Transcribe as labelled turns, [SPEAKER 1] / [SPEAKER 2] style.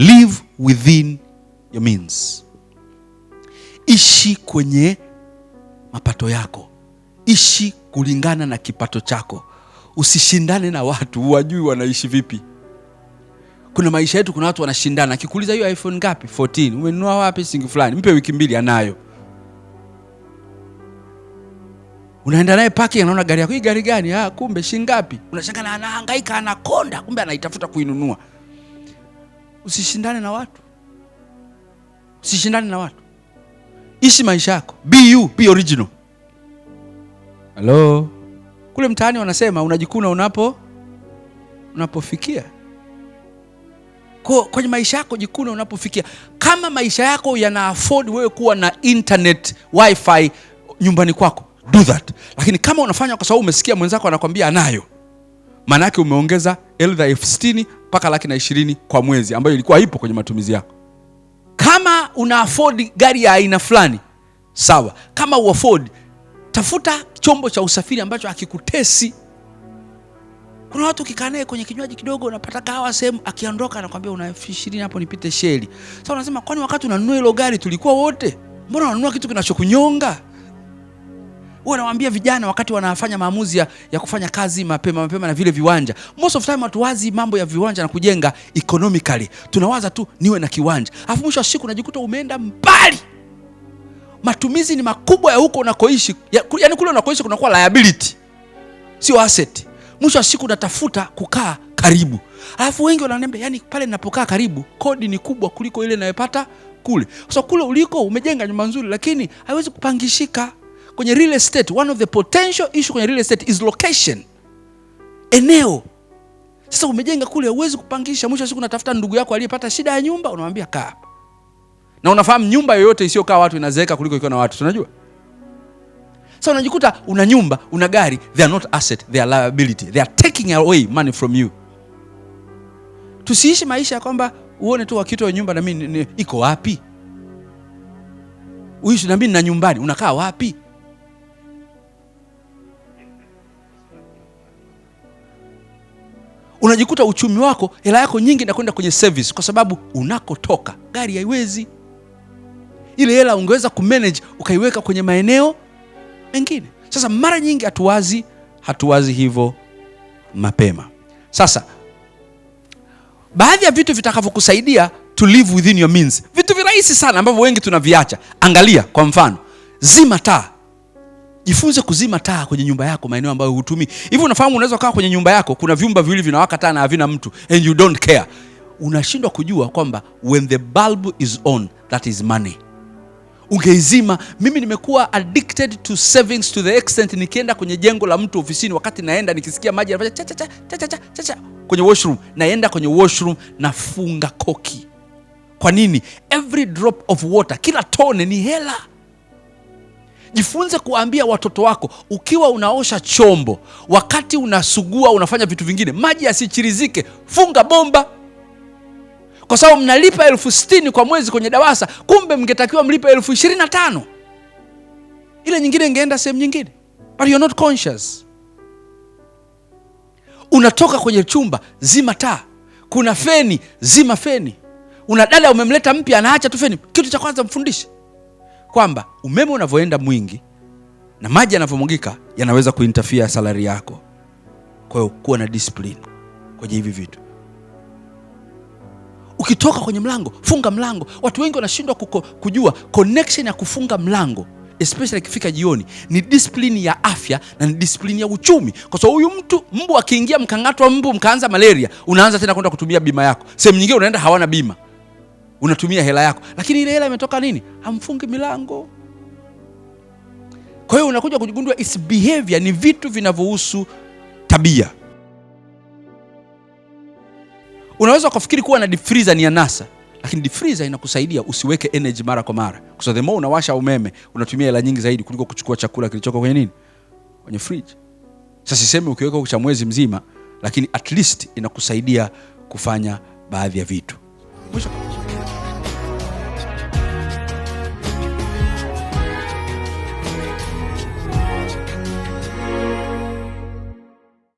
[SPEAKER 1] live within your means. Ishi kwenye mapato yako, ishi kulingana na kipato chako. Usishindane na watu, wajui wanaishi vipi. Kuna maisha yetu, kuna watu wanashindana. Akikuuliza hiyo iPhone ngapi? 14. Umenunua wapi? singi fulani. Mpe wiki mbili, anayo. Unaenda naye paki, anaona gari yako. Hii gari gani? Ah, kumbe shingapi ngapi? Unashangaa, anahangaika, anakonda, kumbe anaitafuta kuinunua. Usishindane na watu, usishindane na watu, ishi maisha yako, be you, be original. Hello, kule mtaani wanasema unajikuna unapo unapofikia. Kwa kwenye maisha yako jikuna unapofikia. Kama maisha yako yana afford wewe kuwa na internet wifi nyumbani kwako, do that. Lakini kama unafanya kwa sababu umesikia mwenzako anakwambia anayo, maana yake umeongeza elfu mpaka laki na ishirini kwa mwezi ambayo ilikuwa ipo kwenye matumizi yako. Kama una afford gari ya aina fulani sawa, kama u afford, tafuta chombo cha usafiri ambacho hakikutesi. Kuna watu ukikaa naye kwenye kinywaji kidogo, unapata kawa sehemu, akiondoka anakwambia una elfu ishirini hapo, nipite sheli. Sasa unasema kwani wakati unanunua hilo gari tulikuwa wote? Mbona unanunua kitu kinachokunyonga? Wewe unawaambia vijana wakati wanafanya maamuzi ya, ya kufanya kazi mapema mapema na vile viwanja. Most of time hatuwazi mambo ya viwanja na kujenga economically. Tunawaza tu niwe na kiwanja. Alafu mwisho wa siku unajikuta umeenda mbali. Matumizi ni makubwa ya huko unakoishi. Ya, yaani kule unakoishi kunakuwa liability. Sio asset. Mwisho wa siku unatafuta kukaa karibu. Alafu wengi wananiambia yani, pale ninapokaa karibu kodi ni kubwa kuliko ile ninayopata kule. Sasa so, kule uliko umejenga nyumba nzuri lakini haiwezi kupangishika kwenye real estate, one of the potential issue kwenye real estate is location, eneo. Sasa umejenga kule, huwezi kupangisha. Mwisho wa siku unatafuta ndugu yako aliyepata shida ya nyumba, unamwambia kaa hapa, na unafahamu nyumba yoyote isiyokaa watu inazeeka kuliko ikiwa na watu, tunajua sasa. unajikuta una nyumba una gari, they are not asset, they are liability, they are taking away money from you. Tusiishi maisha ya kwamba uone tu wakitoa nyumba na mimi iko wapi uishi na mimi na nyumbani unakaa wapi? unajikuta uchumi wako, hela yako nyingi inakwenda kwenye service, kwa sababu unakotoka gari haiwezi. Ile hela ungeweza kumanage ukaiweka kwenye maeneo mengine. Sasa mara nyingi hatuwazi hatuwazi hivyo mapema. Sasa baadhi ya vitu vitakavyokusaidia to live within your means, vitu virahisi sana ambavyo wengi tunaviacha. Angalia kwa mfano, zima taa jifunze kuzima taa kwenye nyumba yako, maeneo ambayo hutumi Hivi unafahamu, unaweza kukaa kwenye nyumba yako kuna vyumba viwili vinawaka taa na havina mtu, and you don't care. Unashindwa kujua kwamba when the bulb is on that is money. Ungeizima. Mimi nimekuwa addicted to savings to the extent, nikienda kwenye jengo la mtu ofisini, wakati naenda nikisikia maji cha cha cha cha cha cha cha kwenye washroom, naenda kwenye washroom nafunga koki. Kwa nini? Every drop of water, kila tone ni hela Jifunze kuambia watoto wako, ukiwa unaosha chombo, wakati unasugua, unafanya vitu vingine, maji yasichirizike, funga bomba, kwa sababu mnalipa elfu sitini kwa mwezi kwenye DAWASA, kumbe mngetakiwa mlipe elfu ishirini na tano ile nyingine ingeenda sehemu nyingine, but you're not conscious. Unatoka kwenye chumba, zima taa. Kuna feni, zima feni. Una dada umemleta mpya, anaacha tu feni. Kitu cha kwanza mfundishe kwamba umeme unavyoenda mwingi na maji yanavyomwagika yanaweza kuintafia salari yako. Kwa hiyo kuwa na discipline kwenye hivi vitu. Ukitoka kwenye mlango, funga mlango. Watu wengi wanashindwa kujua connection ya kufunga mlango especially ikifika jioni, ni discipline ya afya na ni discipline ya uchumi, kwa sababu huyu mtu mbu akiingia mkang'atwa mbu mkaanza malaria, unaanza tena kwenda kutumia bima yako. Sehemu nyingine unaenda hawana bima unatumia hela yako, lakini ile hela imetoka nini? Hamfungi milango. Kwa hiyo unakuja kujigundua is behavior, ni vitu vinavyohusu tabia. Unaweza ukafikiri kuwa na deep freezer ni ya NASA, lakini deep freezer inakusaidia usiweke energy mara kwa mara, kwa sababu the more unawasha umeme unatumia hela nyingi zaidi kuliko kuchukua chakula kilichoko kwenye nini, kwenye fridge. Sasa sisemi ukiweka cha mwezi mzima, lakini at least inakusaidia kufanya baadhi ya vitu Mwisho.